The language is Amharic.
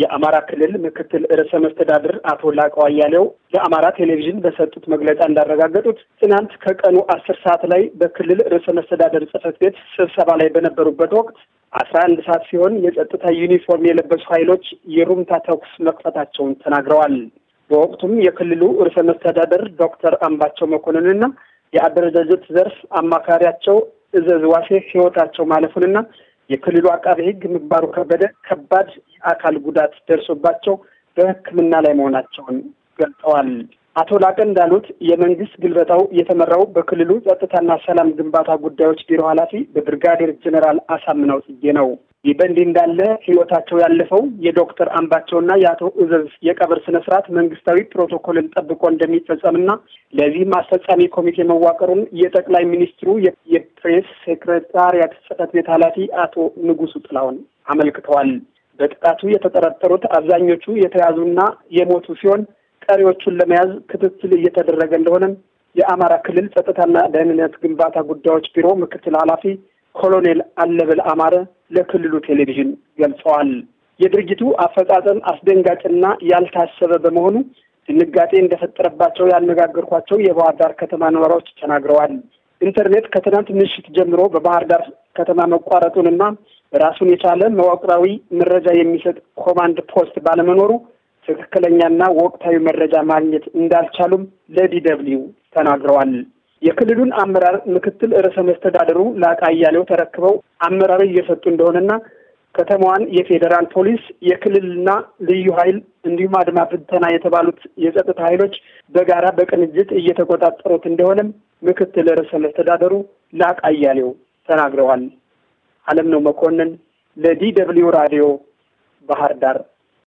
የአማራ ክልል ምክትል ርዕሰ መስተዳድር አቶ ላቀው አያሌው ለአማራ ቴሌቪዥን በሰጡት መግለጫ እንዳረጋገጡት ትናንት ከቀኑ አስር ሰዓት ላይ በክልል ርዕሰ መስተዳድር ጽህፈት ቤት ስብሰባ ላይ በነበሩበት ወቅት አስራ አንድ ሰዓት ሲሆን የጸጥታ ዩኒፎርም የለበሱ ኃይሎች የሩምታ ተኩስ መክፈታቸውን ተናግረዋል። በወቅቱም የክልሉ ርዕሰ መስተዳደር ዶክተር አምባቸው መኮንንና የአደረጃጀት ዘርፍ አማካሪያቸው እዘዝ ዋሴ ማለፉን ማለፉንና የክልሉ አቃቤ ሕግ ምግባሩ ከበደ ከባድ የአካል ጉዳት ደርሶባቸው በሕክምና ላይ መሆናቸውን ገልጠዋል። አቶ ላቀ እንዳሉት የመንግስት ግልበታው የተመራው በክልሉ ጸጥታና ሰላም ግንባታ ጉዳዮች ቢሮ ኃላፊ በብርጋዴር ጀኔራል አሳምነው ጽጌ ነው። ይህ በእንዲህ እንዳለ ህይወታቸው ያለፈው የዶክተር አምባቸውና የአቶ እዘዝ የቀብር ስነ ስርዓት መንግስታዊ ፕሮቶኮልን ጠብቆ እንደሚፈጸምና ለዚህም አስፈጻሚ ኮሚቴ መዋቀሩን የጠቅላይ ሚኒስትሩ የፕሬስ ሴክሬታሪያት ጽህፈት ቤት ኃላፊ አቶ ንጉሱ ጥላውን አመልክተዋል። በጥቃቱ የተጠረጠሩት አብዛኞቹ የተያዙና የሞቱ ሲሆን ቀሪዎቹን ለመያዝ ክትትል እየተደረገ እንደሆነም የአማራ ክልል ጸጥታና ደህንነት ግንባታ ጉዳዮች ቢሮ ምክትል ኃላፊ ኮሎኔል አለበል አማረ ለክልሉ ቴሌቪዥን ገልጸዋል። የድርጊቱ አፈጻጸም አስደንጋጭና ያልታሰበ በመሆኑ ድንጋጤ እንደፈጠረባቸው ያነጋገርኳቸው የባህር ዳር ከተማ ነዋሪዎች ተናግረዋል። ኢንተርኔት ከትናንት ምሽት ጀምሮ በባህር ዳር ከተማ መቋረጡንና ራሱን የቻለ መዋቅራዊ መረጃ የሚሰጥ ኮማንድ ፖስት ባለመኖሩ ትክክለኛና ወቅታዊ መረጃ ማግኘት እንዳልቻሉም ለዲደብሊው ተናግረዋል። የክልሉን አመራር ምክትል ርዕሰ መስተዳደሩ ለአቃያሌው ተረክበው አመራር እየሰጡ እንደሆነና ከተማዋን የፌዴራል ፖሊስ፣ የክልልና ልዩ ኃይል እንዲሁም አድማ ብተና የተባሉት የጸጥታ ኃይሎች በጋራ በቅንጅት እየተቆጣጠሩት እንደሆነም ምክትል ርዕሰ መስተዳደሩ ላቃ ተናግረዋል። አለም ነው መኮንን ለዲ ደብልዩ ራዲዮ ባህር ዳር